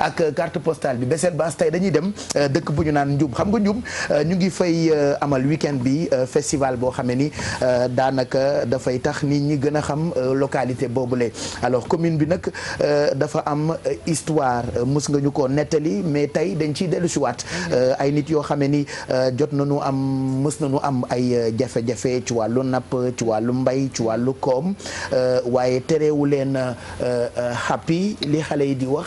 ak carte postale bi Bessel Basse tey dañuy dem euh, dëkk bu ñu naan Ndioum xam nga euh, ñu ngi fay euh, amal weekend bi festival boo xamee ni daanaka dafay tax nit ñi gën a xam localité boobule alors commune bi nag dafa am histoire mës nga ñu ko nettali mais tey dañ ciy dellu si ay nit yoo xamee ni jot nañu am mës nañu am ay jafe ci wàllu napp ci wàllu mbay ci wàllu koom waaye terewu leen happy li xale yi di wax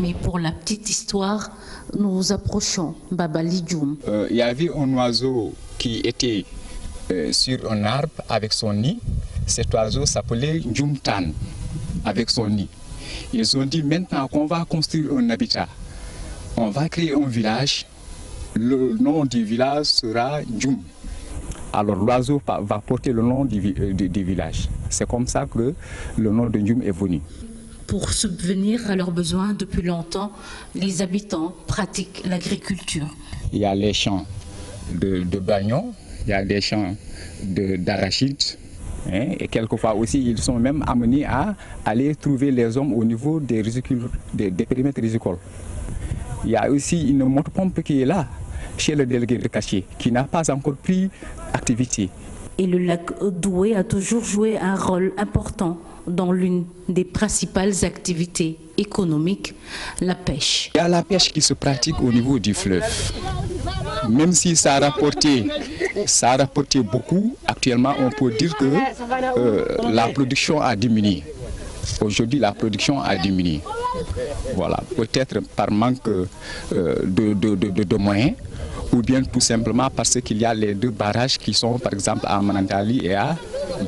Mais pour la petite histoire, nous approchons Baba Lidjoum. Il euh, y avait un oiseau qui était euh, sur un arbre avec son nid. Cet oiseau s'appelait Djoumtan avec son nid. Ils ont dit maintenant qu'on va construire un habitat, on va créer un village. Le nom du village sera Djoum. Alors l'oiseau va porter le nom du, euh, village. C'est comme ça que le nom de Djoum est venu. pour subvenir à leurs besoins depuis longtemps, les habitants pratiquent l'agriculture. Il y a les champs de, de bagnons, il y a des champs d'arachides. De, hein, et quelquefois aussi, ils sont même amenés à aller trouver les hommes au niveau des, des, des périmètres rizicoles. Il y a aussi une moto-pompe qui est là, chez le délégué de Caché, qui n'a pas encore pris activité. Et le lac Doué a toujours joué un rôle important dans l'une des principales activités économiques, la pêche. Il y a qui se pratique au niveau du fleuve. Même si ça a rapporté, ça a beaucoup, actuellement on peut dire que euh, la production a diminué. Aujourd'hui, la production a diminué. Voilà, peut-être par manque euh, de, de, de, de, moyens ou bien tout simplement parce qu'il y a les deux barrages qui sont par exemple à Manandali et à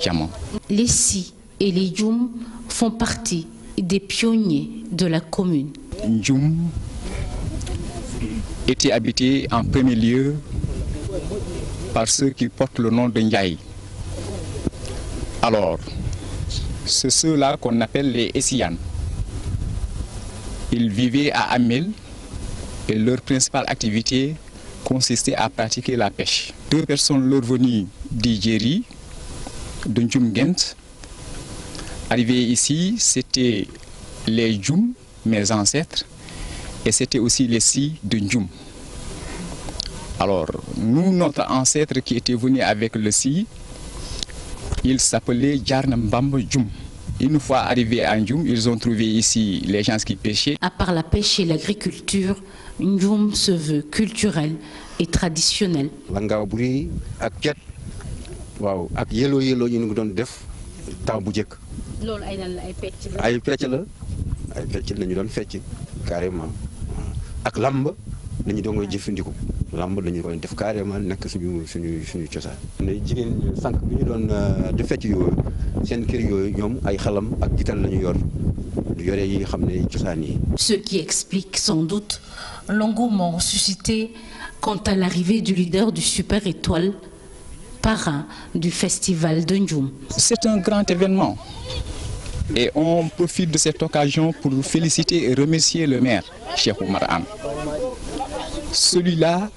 Diamant. et les Djoum font partie des pionniers de la commune. Djoum était habité en premier lieu par ceux qui portent le nom de Ndiaye. Alors, c'est ceux-là qu'on appelle les Essianes. Ils vivaient à Amel et leur principale activité consistait à pratiquer la pêche. Deux personnes leur venues d'Igérie, de Ndjoum Arrivé ici, c'était les Djoum, mes ancêtres, et c'était aussi les Si de jum Alors, nous, notre ancêtre qui était venu avec le Si, il s'appelait Djarnambamba Djoum. Une fois arrivés à Ndjoum, ils ont trouvé ici les gens qui pêchaient. À part la pêche et l'agriculture, Ndjoum se veut culturel et traditionnel. Langa buri ak cet waaw ak yelo yelo yi ñu doon def temps bu jëkk loolu ay nan la ay fecc la. ay fecc la ay fecc la ñu doon fecc carrément ak lamb dañu doon koy jëfandiku lamb dañu koy def carrément nekk suñu suñu suñu cosaan. ne jigéen sànq bi ñu doon euh, di fecc yooyu seen kër yooyu ñoom ay xalam ak jital lañu ñu yor du yore yi xam ne cosaan yi. Ce qui explique sans doute l'engouement suscité quant à l'arrivée du leader du Super Étoile, parrain du festival de Ndioum. C'est un grand événement. Et on profite de cette occasion pour féliciter et remercier le maire, Cheikh Oumar Anne. Celui-là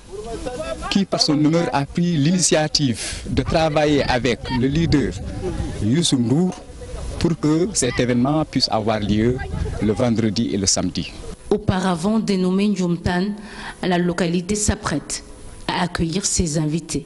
qui, par son honneur, a pris l'initiative de travailler avec le leader Youssou Ndour pour que cet événement puisse avoir lieu le vendredi et le samedi. Auparavant dénommé Ndjoumtane, la localité s'apprête à accueillir ses invités.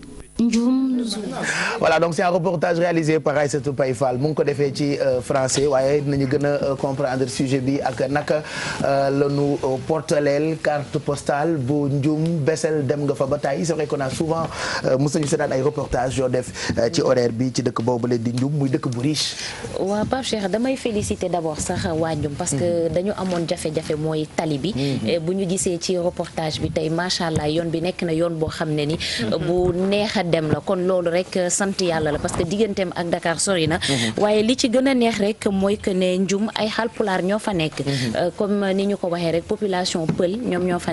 voilà donc c'est un reportage réalisé par Aïssatou Paye Fall mu ngi ko defee ci euh, français waaye dinañu gën a euh, comprendre sujet bi ak naka euh, la ñu portaleel carte postale bu Ndioum Bessél dem nga fa ba tàyyi c'est vrai qu'on souvent mos nañu seetaan ay reportage yoo def ci horaire bi ci dëkk boobu la di Ndioum muy dëkk bu riche. waaw Pape Cheikh damay féliciter d'abord sax waa Ndioum parce que mm-hmm. dañu amoon jafe-jafe mooy tali bi. Mm-hmm. Eh, bu ñu gisee ci reportage bi tey macha allah yoon bi nekk na yoon boo xam ne mm-hmm. dem la kon loolu rek euh, sant yàlla la parce que digganteem ak Dakar sori na mhm. waaye li ci gën a neex rek mooy que ne njum ay xalpulaar ñoo ñoo fa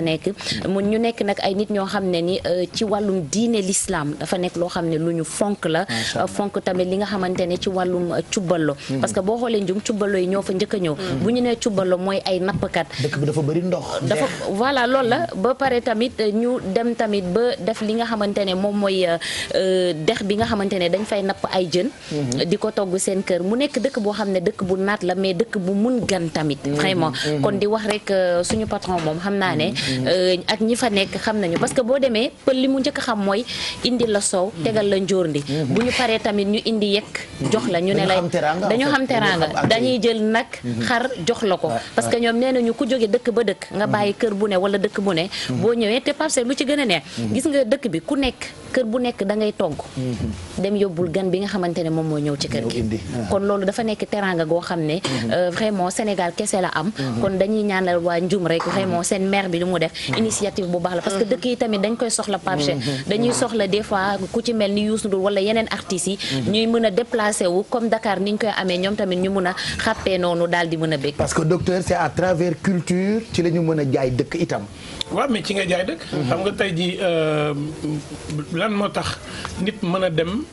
nekk mu ñu nekk nag ay nit ñoo xam ne ni euh, ci wàllum diine l'islam dafa nekk loo xam ne lu ñu fonk la euh, fonk tamit li nga xamante ne ci wàllum cubballo mhm. parce que boo xoolee njum cubballo yi ñoo fa njëkk a ñëw mhm. bu ñu nee cubballo mooy ay nappkat dëkk bi dafa bëri ndox dafa voilà loolu la ba pare tamit ñu dem tamit ba def li nga xamante Euh, dex bi nga xamante ne dañ fay napp ay jën mhm. di ko togg seen kër mu nekk dëkk boo xam ne dëkk bu naat la mais dëkk bu mun gan tamit mhm. vraiment mhm. kon di wax rek euh, suñu patron moom xam naa ne euh, ak ñi fa nekk xam nañu parce que boo demee pël li mu njëkk xam mooy indi la soow tegal la ndi bu ñu paree tamit ñu indi yekk jox la ñu ne lay dañu xam teraanga dañuy jël nag xar jox la ko parce que ñoom nee nañu ku jóge dëkk ba dëkk nga bàyyi kër bu ne wala dëkk bu ne boo ñëwee te parce nekk da ngay togg mhm. dem yóbbul gan bi nga xamante ne moom moo ñëw ci kër gi ah. kon loolu dafa nekk teranga goo xam ne mhm. euh, vraiment Sénégal kese la am mhm. kon dañuy ñaanal waa Ndioum rek vraiment seen maire bi li mu def initiative bu baax la parce que dëkk yi tamit dañ koy soxla Pape dañuy soxla des fois ku ci mel ni Youssou Ndour wala yeneen artistes yi ñuy mën a déplacé wu comme Dakar ni ñu koy amee ñoom tamit ñu mën a xàppee noonu daal di mën a bég parce que docteur c'est à travers culture ci la ñu mën a jaay dëkk itam waaw mais tax nit mën a dem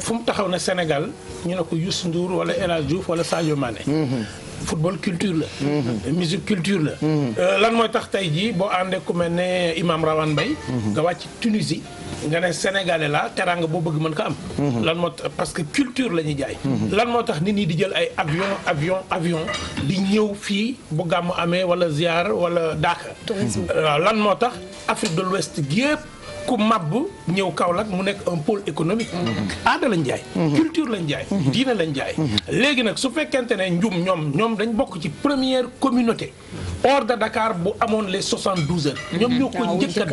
fu mu taxaw ne Sénégal ñu ne ko Youssou Ndour wala El Hadj Diouf wala Sadio Mané. Mm-hmm. football culture la. Mm-hmm. musique culture la. Mm-hmm. Euh, lan mooy tax tey jii boo àndee ku mel ne Imam Rawane Mbaye nga wàcc Tunisie. nga ne Sénégalais la teraanga boo bëgg mën ko am. lan moo tax parce que culture la ñuy jaay. lan moo tax nit ñi di jël ay avion avion avion di ñëw fii bu gàmmu amee wala ziar wala Daaka. waaw euh, lan moo tax Afrique de l'Ouest gi ku màbb ñëw Kaolack mu nekk un pôle économique. Mhm. aada lañ jaay. Mhm. culture lañ jaay. Mhm. diine lañ jaay. léegi nag su fekkente ne njum ñoom ñoom dañ bokk ci première communauté hors de Dakar bu amoon les 72 heures. ñoom ñoo ko ah, njëkk a def.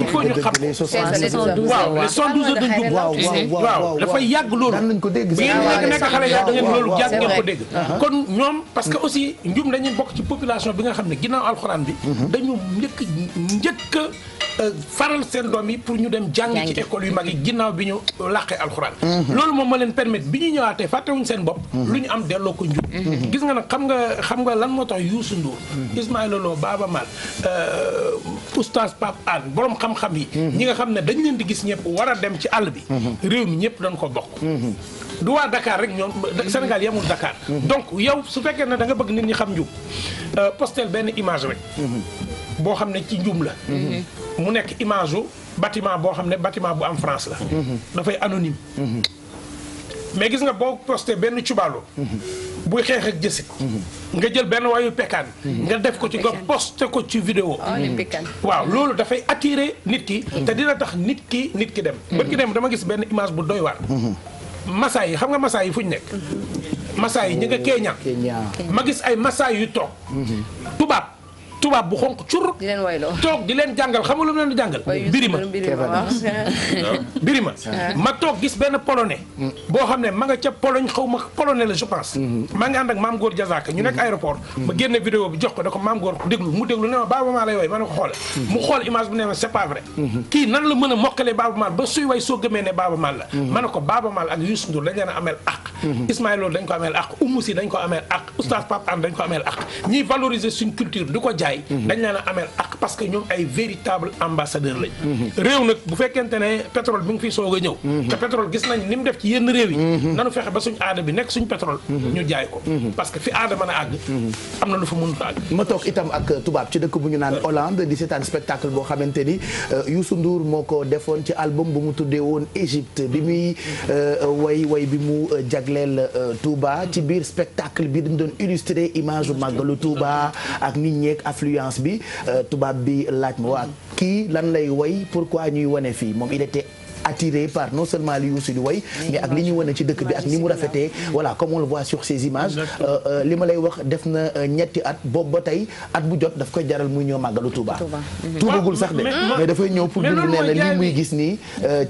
il faut ñu xam les njum. yàgg loolu. daan nañ ko dégg bu ngeen nekk nekk xale yàgg ngeen loolu yàgg uh-huh. dañuy bokk ci population bi nga xam ne ginnaaw alxuraan bi. Uh-huh. dañu njëkk njëkk Euh, faral seen doom yi pour ñu dem jàng ci école yu mag yi ginnaaw bi ñu làqee alxuraan mhm. loolu moom ma leen permettre bi ñu ñëwaatee fàttewuñ seen bopp mhm. lu ñu am delloo ko njur mhm. gis nga nag xam nga xam nga lan moo tax Youssou Ndour Ismaïla Lo Baaba Maal euh, oustaz Pape Anne boroom xam-xam yi ñi nga xam ne dañu leen di gis ñëpp war a dem ci àll bi réew mi ñëpp dañ ko bokk du waa dakaar rek ñoom Sénégal yamul dakaar donc yow su fekkee ne da nga bëgg nit ñi xam njub euh, postel benn image rek boo ci njum la mu nekk image u bâtiment boo xam ne bâtiment bu am France la dafay anonyme mais gis nga boo posté benn cubaalo buy xeex ak jësit nga jël benn waayu pekkaan nga def ko ci nga posté ko ci vidéo oh, waaw loolu dafay attirer nit ki te dina tax nit ki nit ki dem bët ki dem dama gis benn image bu doy waar masaa yi xam nga masaa yi fu ñu nekk masaa yi ñu nga Kenya ma gis ay masaa yu toog mhm. tubaab tubaab bu xonq cur. di leen wayloo toog di leen jàngal xam nga lu jàngal. birima ah. ma toog gis benn polonais. Mm. boo xam ne ma nga ca Pologne ma polonais la je mm-hmm. ma nga ànd maam Góor Jazaka ñu nekk mm-hmm. aéroport. ma mm-hmm. génne vidéo bi jox ko da ko maam Góor déglu mu déglu ne ma Baaba Maal lay ma ne ko xoole mu xool image bu ne ma c'est pas vrai. kii nan la mën a mokkalee Baaba Maal ba suy way soo gëmee ne Baaba Maal ma ne ko Baaba Maal ak Youssou Ndour dañ leen a ko ameel ak Oumou Sy dañ ko ameel gars mhm. dañ leen a ameel ak parce que ñoom ay véritable ambassadeur lañ mhm. réew nag bu fekkente pétrole bi nga fiy soog a ñëw mhm. te pétrole gis nañ ni mu def ci yenn réew yi nanu fexe ba suñ aada bi nekk suñ pétrole ñu jaay ko parce que fi aada mën a àgg am na lu fa mënut a àgg ma toog itam ak tubaab ci dëkk bu ñu naan Hollande di seetaan spectacle boo xamante ni euh, Youssou Ndour moo ko defoon ci album bu mu tuddee woon bi muy euh, way way bi mu euh, jagleel Touba ci biir spectacle affluence bi euh, tubaab bi laaj ma waa kii lan lay woy pourquoi ñuy wone fii moom il était attiré par non seulement li Youssou di way mais ak li ñu wane ci dëkk bi ak ni mu rafetee voilà comme on le voit sur ces images euh, euh, li ma lay wax def na euh, ñetti at boobu ba tey at bu jot daf koy jaral muy ñëw màggalu Touba tuubagul mhm. ah, sax de mais dafay ñëw pour dund nee na li muy gis nii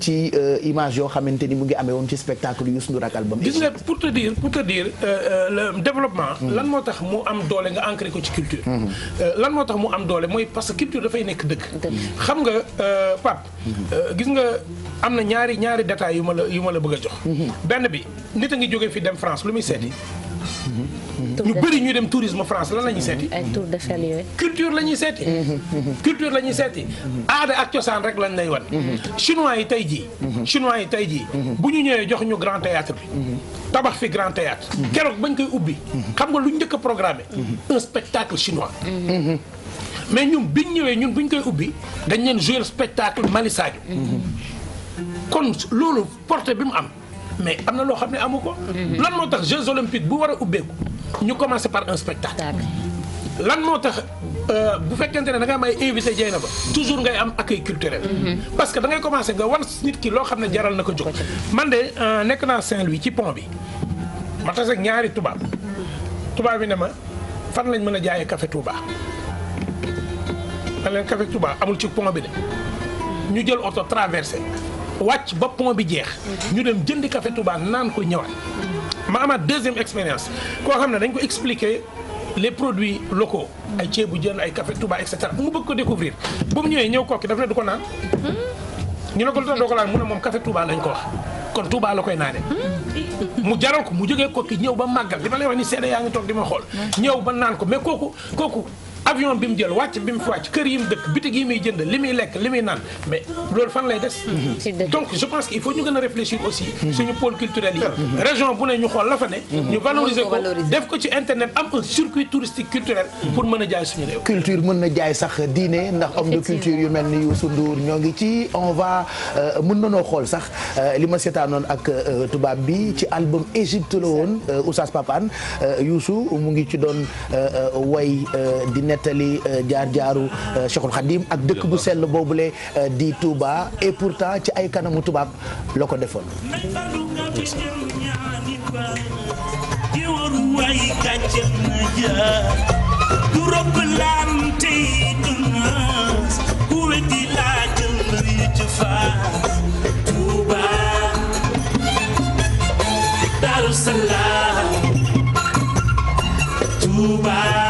ci image yoo xamante ni mu ngi amee woon ci spectacle Youssou Ndour ak album gis nga pour te dire pour te dire le développement mm. lan moo tax mu am doole nga ancré ko ci culture mm-hmm. lan moo tax mu am doole mooy parce que culture dafay nekk dëkk xam nga Pape mm-hmm. gis nga am na ñaari ñaari détails yu ma la yu ma la bëgg a jox. Mhm. benn bi nit a ngi jógee fi dem France lu muy seeti. Mhm. ñu bëri ñu dem tourisme France lan la ñuy seeti. ay tour culture la ñuy seeti. Mhm. culture la ñuy seeti. aada ak cosaan rek lañ lay wan. chinois yi tey jii. chinois yi tey jii. bu ñu ñëwee jox ñu grand théâtre bi. tabax fi grand théâtre keroog bañ koy ubbi. xam nga lu ñu njëkk a programmé. un spectacle chinois. mais ñun ñu ñëwee ñun bu ñu koy ubbi dañ leen jouer spectacle Mali Sadio. kon loolu porté bi mu am mais am na loo xam ne amu ko. Mm-hmm. lan moo tax Jeux olympiques bu war a ubbeeku ñu commencé par un spectacle. lan moo tax euh, bu fekkente ne da ngay am ay invité jey na ba toujours ngay am accueil culturel. Mm-hmm. parce que da commencé nga wan nit ki loo xam ne jaral na ko ci man de euh, nekk naa Saint-Louis ci pont bi ma tase ñaari tubaab tubaab yi ne ma fan lañ mën a jaayee café Touba. ma leen café Touba amul ci pont bi de ñu jël oto traversé. wàcc ba pont bi jeex. ñu dem jëndi kafe Touba naan ko ñëwaat. ma amaat deuxième expérience koo xam ne dañ ko expliquer les produits locaux. ay ceebu jën ay café Touba et cetera mu bëgg ko découvrir ba mu ñëwee ñëw kook dafa ne du ko naan. ñu ne ko lu tax doo ko naan mu ne moom kafe Touba lañ ko wax kon Touba la koy naane. mu jaral ko mu jógee kooki ñëw ba màggal li ma lay wax ni seede yaa ngi toog di ma xool. ñëw ba naan ko mais kooku kooku. avion bi mu jël wàcc bi mu fi wàcc kër yi mu dëkk bitig yi muy jënd li muy lekk li muy naan mais loolu fan lay des mhm. donc je pense qu'il faut ñu gën a réfléchir aussi mhm. suñu pôle culturel yi mhm. région bu ne ñu xool la fa ne ñu valoriser ko def ko ci internet am un circuit touristique culturel pour mën a jaay suñu réew culture mën na jaay sax diine ndax homme de culture yu mel ni Youssou Ndour ñoo ngi ci on va euh, na noo xool sax euh, li ma seetaanoon ak euh, tubaab bi ci album Égypte la woon Oustaz Papane Youssou mu ngi ci doon way dine nettali euh, jaar-jaaru euh, Cheikhul Khadim ak dëkk bu sell boobule euh, di Touba et pourtant ci ay kanamu tubaab la ko defoon. Tuuba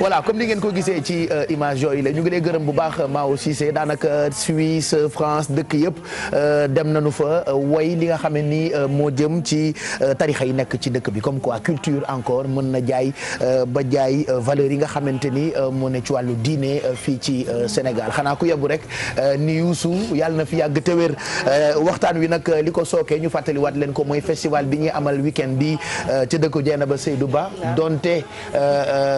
voilà comme ni ngeen ko gisee ci euh, image yooyu la ñu ngi lay gërëm bu baax euh, Mao Cissé daanaka euh, Suisse France dëkk yëpp dem na nañu fa woy li nga xam ne ni moo jëm ci tarixa yi nekk ci dëkk bi comme quoi culture encore mën na jaay ba jaay valeurs yi nga xamante ni moo ne ci wàllu diine fii ci Sénégal xanaa ku yebbu rek ni Youssou yàlla na fi yàgg te wér waxtaan wi nag li ko sookee ñu fàttaliwaat leen ko mooy festival bi ñuy amal week-end bi ca dëkk Dieynaba Seydou Ba donte.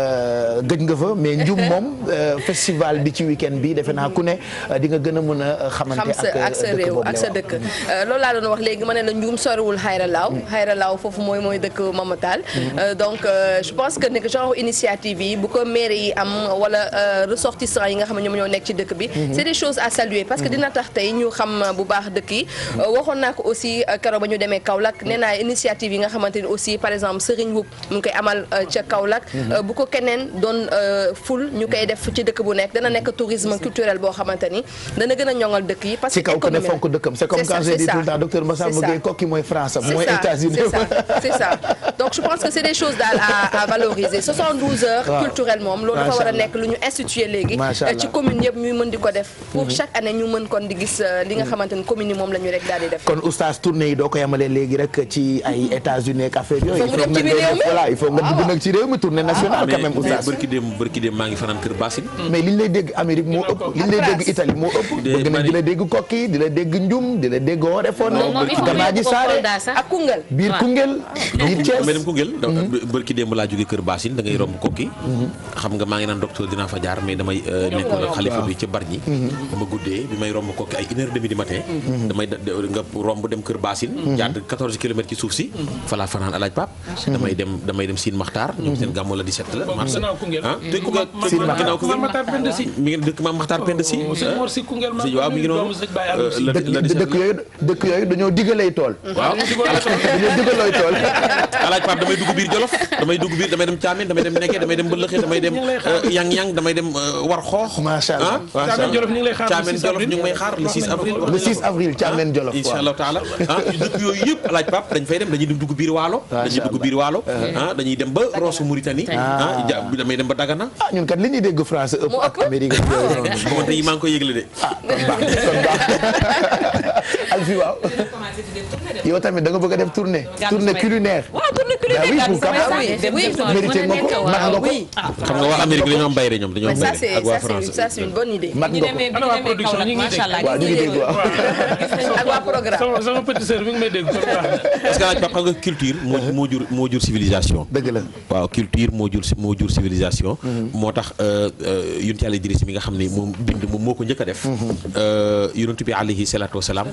Euh, gëj nga fa mais njum moom euh, festival bi ci week-end bi defe naa ku ne euh, di nga gën a mën a xamante ak sa réew ak sa dëkk loolu laa doon wax léegi ma ne la njum soriwul xayra laaw mm. foofu mooy mooy dëkk mamatal mm. donc je pense que nekk genre initiative yi bu ko maire yi am wala ressortissants yi nga xam ne ñoom mm-hmm. mm-hmm. mm-hmm. demee Kaolack nee naa initiative yi nga xamante ni aussi par exemple Serigne Wub mu ngi koy amal ca Kaolack bu keneen doon euh, ful ñu koy def ci dëkk bu nekk dana nekk tourisme culturel boo xamante dana gën ñoŋal dëkk yi. parce que kaw ku dëkkam c'est commune yëpp ko def. pour mhm. chaque année ñu mën kon di gis euh, li nga mhm. xamante commune yi moom la rek daal di def. kon oustaz tournée yi doo ko yemale léegi rek ci ay mhm. États-Unis ak affaire yooyu. il faut nga ah, dugg nag ci réew mi tournée ah, nationale même oustaz mais ngi fanaan kër Bassin. mais liñ moo ëpp liñ dégg Italie moo dégg Kokki di la dégg Njum di la dégg Oréfondé. Gamaaji biir Koungheul biir Thiès. Mhm. laa jógee kër Bassin da ngay romb Kokki. Mhm. xam nga maa ngi naan docteur dinaa fa jaar damay euh, dama mhm. guddee bi may romb Kokki ay une heure demi du matin. damay nga dem kër ci suuf si. fa laa fanaan alaaj damay dem damay dem Sine Makhtar ñoom seen gàmmu la 17 la marché te Koungheul ginnaaw Koungheul mi ngi dëkk maam Maxtaar Penda Si oh, waaw mi ngi noonu euh, dëkk yooyu dëkk yooyu dañoo diggalay tool waaw dañoo diggalay tool alaaj Pape damay dugg biir Jolof damay dugg biir damay dem Caamen damay dem Nekke damay dem Bëllëxe damay dem euh, Yang-Yang damay dem euh, War Xoox macha allah Caamen Jolof ñu ngi lay xaar Caamen Jolof ñu ngi may xaar le 6 avril le 6 avril Caamen Jolof incha allah taala ah dëkk yooyu yëpp alaaj Pape dañ fay dem dañuy dem dugg biir Waalo dañuy dugg biir Waalo eh. dañuy dem ba Roosu Mauritanie ah damay dem ba Dagana. ah ñun kat li ñuy dégg français ak Amérique ak yooyu. Ah, yi maa ngi koy ah kon baax kon waaw. yow tamit da nga bëgg a def tournée. tournée culinaire. waaw tournée culinaire oui ah, xam nga ñoom dañoo waa France ça c'est une xam moo jur moo dëgg la waaw culture moo jur moo jur civilisation. Mm-hmm. moo tax euh, euh, yonent Yàlla Idriss mi nga xam ne moom bind moom moo ko njëkk a def. Mm-hmm. Euh, yonent bi alayhi salaatu wasalaam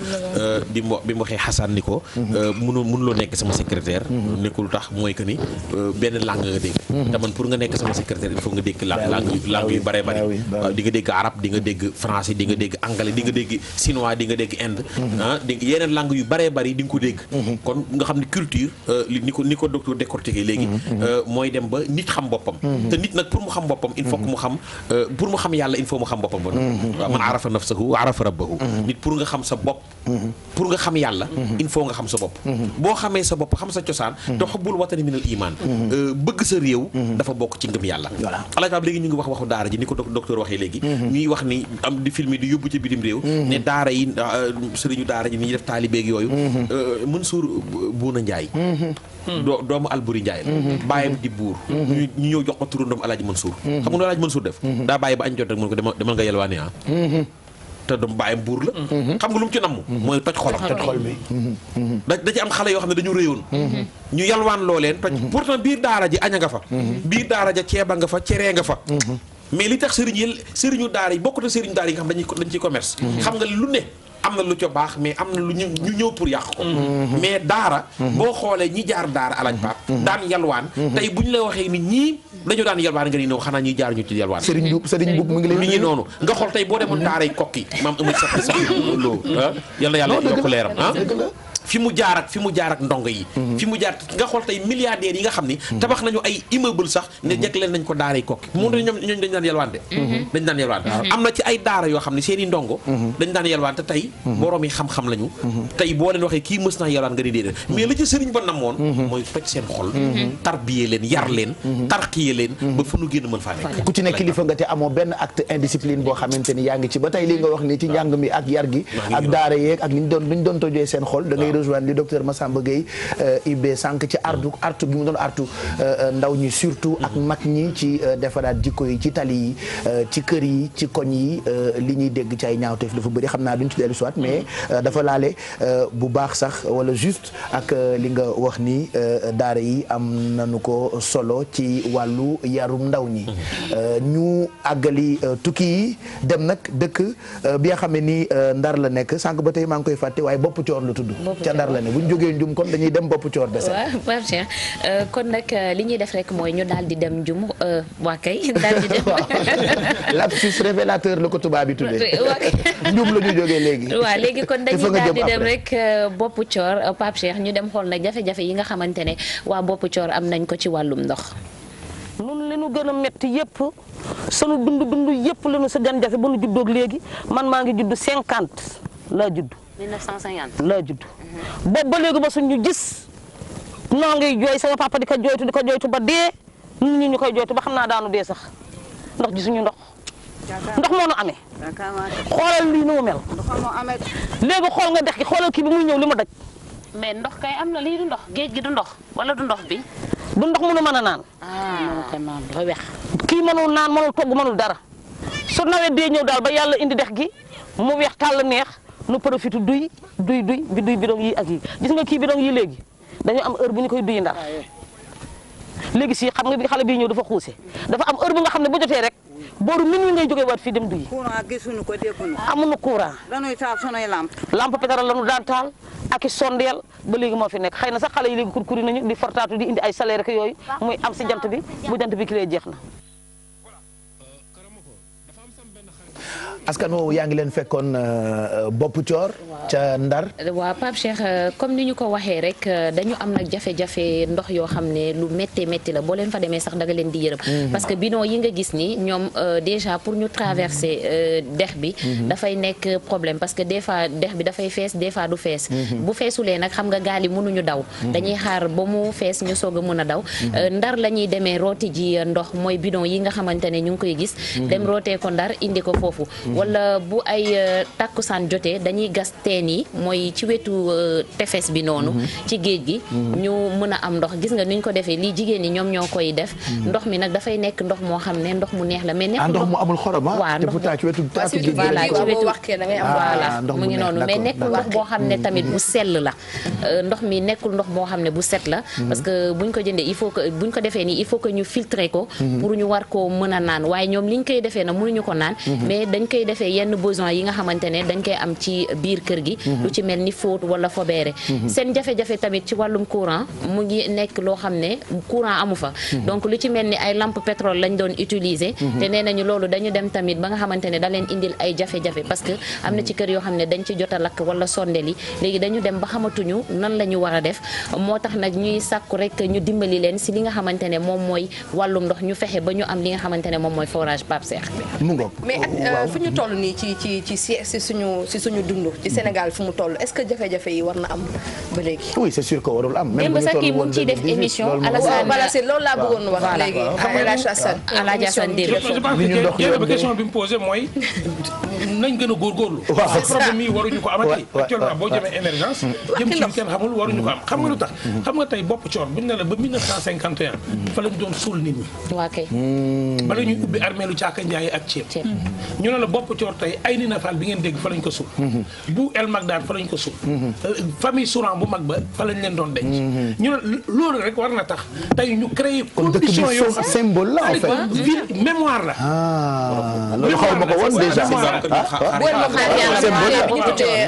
bi mu waxee Xasaan ni ko ko. Euh, mënu mënuloo nekk sama secrétaire. Mhm. nekkul tax mooy que ni euh, benn langue nga dégg. Mhm. te pour nga nekk sama secrétaire il faut nga dégg langue langue yu bare bare waaw di nga dégg arabe di dégg français di dégg anglais di dégg chinois di dégg inde. Mhm. Ah, yeneen langue yu bare bari di ko dégg. kon nga xam ne culture euh, li ni ko ni ko docteur décortiqué léegi. mooy dem ba nit xam boppam. te nit nag pour mu xam boppam il faut que mu xam pour mu xam yàlla il faut mu xam boppam man arafa sa bopp. pour nga xam nga xam sa bopp mhm. boo xamee sa bopp xam sa cosaan mhm. te xubbul watani minal iman mhm. euh, bëgg sa réew dafa bokk ci ngëm yàlla alaaj baab léegi ñu ngi wax waxu daara ji ni ko docteur waxee léegi ñuy wax ni am di film yi di yóbbu ci bitim réew ne daara yi ah, euh, sëriñu daara ji ni ñuy def taalibeeg yooyu euh, Mansour Bouna Ndiaye doomu Alburi Ndiaye bàyyam di buur ñu ñëw jox ko turandoom Alaaji Mansour xam nga Alaaji Mansour def daa bàyyi ba añ jot rek mun ko demal te doomu baayam buur la. xam nga lu mu ci namm. mooy toj xolam toj xol bi. da da ci am xale yoo dañu réyoon. ñu yalwaan loo leen. toj pourtant biir daara ji aña nga fa. biir daara ja ceeba nga fa ceree nga fa. mais li tax sëriñu daara yi bokkut a sëriñu daara yi nga xam dañuy dañ commerce. xam nga lu ne. am na lu ca baax mais am na lu ñu ñu ñëw pour yàq ko mm-hmm. mais daara mm-hmm. boo xoolee ñi jaar daara alaaj pap mm-hmm. daan yalwaan tey bu ñu la waxee ni ñii dañoo daan yalwaan nga ni noonu xanaa ñuy jaar ñu ci yalwaan Serigne Boub Serigne Boub mu ngi lay mi nga xool tey boo demoon daaray kokki maam ëmad sax sax loolu ah, yal na yàlla yokk leeram ah fi mu jaar ak fi mu jaar ak ndongo yi mhm. fi mu jaar nga xool tey milliardaires yi nga xam ni mhm. tabax nañu ay immeuble sax ne mhm. jagleen nañ ko daaray kokki mu ne ñoom daan na ci ay yoo xam ne seen i la ci yar boo xamante ni yaa ngi ci ba tey li nga wax ni gi ak daara yeeg ak niñ doon tojee seen xol rejoindre li docteur Massamba Gueye Ibbe euh, sànq ci artu artu bi mu doon artu euh, euh, ndaw ñi surtout ak mag ñi ci defaraat jikko yi ci tali yi ci kër yi ci koñ yi li ñuy dégg ci ay ñaawteef dafa bëri xam naa duñ ci dellu soit mais dafa laale bu baax sax wala juste ak li nga wax ni daara yi am nañu ko solo ci wàllu yarum ndaw ñi ñu àggali tukki yi dem nag dëkk bi nga xam ne ni ndar la nekk sànq ba tey maa ngi koy fàtte waaye bopp coor la tudd ca ndar la ne bu ñu jógee njum kon dañuy dem bopp coor bese waaw Cheikh euh, kon nag euh, li ñuy def rek mooy ñu daal di dem njum euh, waa kay daal di dem lapsus révélateur la ko tubaab bi tuddee njum la ñu jógee léegi waa léegi kon dañuy daal di dem rek bopp coor Pape Cheikh ñu dem xool nag jafe-jafe yi nga xamante ne waa bopp coor am nañ ko ci wàllum ndox nun li nu gën a métti yëpp dund dund yëpp la nu sa gan jafe ba nu juddoog léegi man maa ngi judd cinquante laa judd 1950. laa judd. boobu ba léegi ba suñu gis noo ngi jooy sama papa di ko jooytu di ko jooytu ba dee ñun ñu ñu koy jooytu ba xam naa daanu dee sax ndox gisuñu ndox. ndox moo nu amee. xoolal lii nu mu mel. léegi xool nga dex gi xoolal kii bi muy ñëw li ma daj. mais ndox kay am na lii du ndox géej gi du ndox wala du ndox bi. du ndox mënu mën a naan. Ah, naan dafa wex. kii mënul naan mënul togg mënul dara su nawet dee ñëw daal ba yàlla indi dex gi mu weex tàll neex. nu profité duy duy duy bi duy bidon yii ak yii gis nga kii bi bidon yi léegi dañoo am heure bu ñu koy duy ndar léegi si xam nga bi xale bii ñëw dafa xuuse dafa am heure bu nga xam ne bu jotee rek booru min wi ngay jógee waat fii dem duy courant gisuñu ko dégguñu amuñu courant dañuy taal sunuy lamp lamp pétrole lañu daan taal ak i sondeel ba léegi moo fi nekk xëy na sax xale yi léegi kurkuri nañu di fortaatu di indi ay salaire ak yooyu muy am si jant bi bu jant bi ki lay jeex na askan woowu yaa ngi leen fekkoon euh, euh, bopp coor ca Ndar waaw Pape Cheikh euh, comme ni ñu ko waxee rek dañu am nag jafe-jafe ndox yoo xam ne lu méttee métti la boo leen fa demee sax da leen di yërëm mhm. parce que bidon yi nga gis ni ñoom déjà pour ñu traverser mhm. dex bi mhm. dafay nekk problème parce que des fois dex bi dafay fees des fois du fees bu feesulee nag xam nga gaal yi mënuñu daw dañuy xaar ba mu fees ñu soog mun a daw Ndar la ñuy demee rooti ji ndox mooy bidon yi nga xamante ne ñu ngi koy gis dem rootee ko Ndar indi ko foofu wala bu ay euh, saan jotee dañuy gas teen yi mooy ci wetu euh, tefes bi noonu mhm. ci géej gi mhm. ñu mën a am ndox gis nga ni ñu ko defee lii jigéen ñi ñoom ñoo koy def mhm. ndox mi nag dafay nekk ndox moo xam ne ndox mu neex la mais nekk ah, ndox mu amul xorom ah? waaw ndox ci wetu voilà ci wetu ah, voilà mu ngi noonu mais nekkul ndox boo xam ne tamit bu sell la euh, ndox mi nekkul ndox moo xam ne bu set la parce que buñ ko jëndee il faut que buñ ko defee nii il faut que ñu filtrer ko pour ñu war ko mën a naan waaye ñoom liñ koy defee na mënuñu ko naan mais dañ koy defee yenn besoin yi nga xamante ne dañ koy am ci biir kër gi mhm. lu ci mel ni fóot wala fobeere mhm. seen jafe-jafe tamit ci wàllum courant mu ngi nekk loo xam ne courant amu fa mhm. donc lu ci mel ni ay lampe pétrole lañ doon utiliser te nee nañu loolu dañu dem tamit ba nga xamante ne da leen indil ay jafe-jafe parce que am na ci kër yoo xam ne dañ ci jot a lakk wala sondeli léegi dañu dem ba xamatuñu nan la ñu war a def moo tax nag ñuy sàkku rek ñu dimbali leen si li nga xamante ne moom mooy wàllum ndox ñu fexe ba ñu am li nga xamante ne moom mooy forage Pape Cheikh toll nii ci ci ci si suñu si ci Sénégal fu mu toll est-ce que jafe-jafe yi war na am ba léegi. oui c'est sûr que warul am. même bu ñu toll woon mu posé mooy nañ gën a góorgóorlu. waaw problème ko amati. actuellement boo jëmee émergence. Mm-hmm. jëm ci kenn xamul waruñu ko am xam nga lu tax. Mm-hmm. xam nga tey bopp coor buñ ne la ba 1951. Mm-hmm. fa lañ doon suul nit ñi. waa kay. bala ñuy lu Caaka Njaay ak ceeb. ñu ne la bopp coor tey ay ni nataal bi ngeen dégg fa lañ ko suul bu el magdaan fa lañ ko suul famille Souran bu mag ba fa lañ leen doon denc ñu ne loolu rek war na tax tey ñu la en fait mémoire la loolu xaw ma ko woon déjà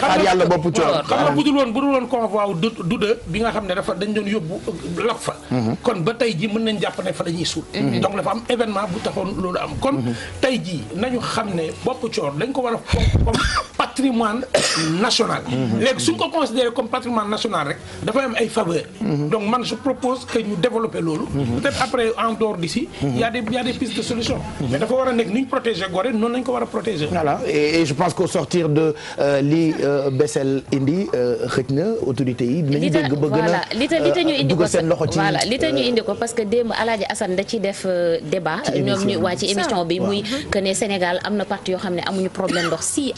xaar yàlla bopp coor xam nga bu dul woon bu dul woon convoi wu duda bi nga ne dafa dañ doon yóbbu lak fa kon ba tey ji mën nañ jàpp ne fa la ñuy suul donc dafa am événement bu taxoon loolu am kon tey fonk coon dañ ko war a patrimoine national. Mhm. léegi su ñu ko considéré comme patrimoine national rek dafay am ay faveur. Mhm. donc man je propose que ñu développer loolu. Mhm. peut-être après en dehors d'ici. y a des pistes de solution. dafa war a nekk ni ñu protéger Gorée noonu lañu ko war a protéger. voilà et je pense qu'au sortir de euh, li euh, Bessel indi euh, xëj na autorités yi. dinañu dégg ba gën a dugg seen loxo ci débat. ñoom ñu waa ci émission bi muy que Sénégal am na parti yoo xam ne amuñu problème ndox si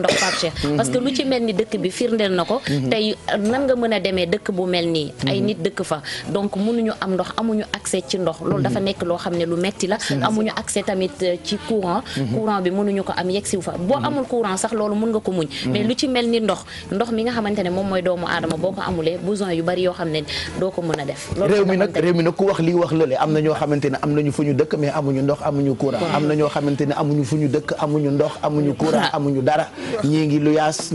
ndox Pape Cheikh mm-hmm. parce que lu ci mel ni dëkk bi firndeel na ko mm-hmm. tey nan nga mën a demee dëkk bu mel nii ay mm-hmm. nit dëkk fa donc mënuñu am ndox amuñu accès ci ndox loolu dafa nekk loo xam ne lu metti la amuñu accès tamit euh, ci courant courant bi mënuñu ko am yeggsiwu fa boo amul courant sax loolu mën nga ko muñ mais lu ci mel ni ndox ndox mi nga xamante ne moom mooy doomu aadama boo ko amulee besoin yu bari yoo xam ne doo ko mën a def réew mi nag réew ku wax lii wax lële am na ñoo xamante ne am nañu fu ñu dëkk mais amuñu ndox amuñu courant am na ñoo xamante ne amuñu fu ñu dëkk amuñu ndox amuñu courant amuñu dara ñii ngi luyaas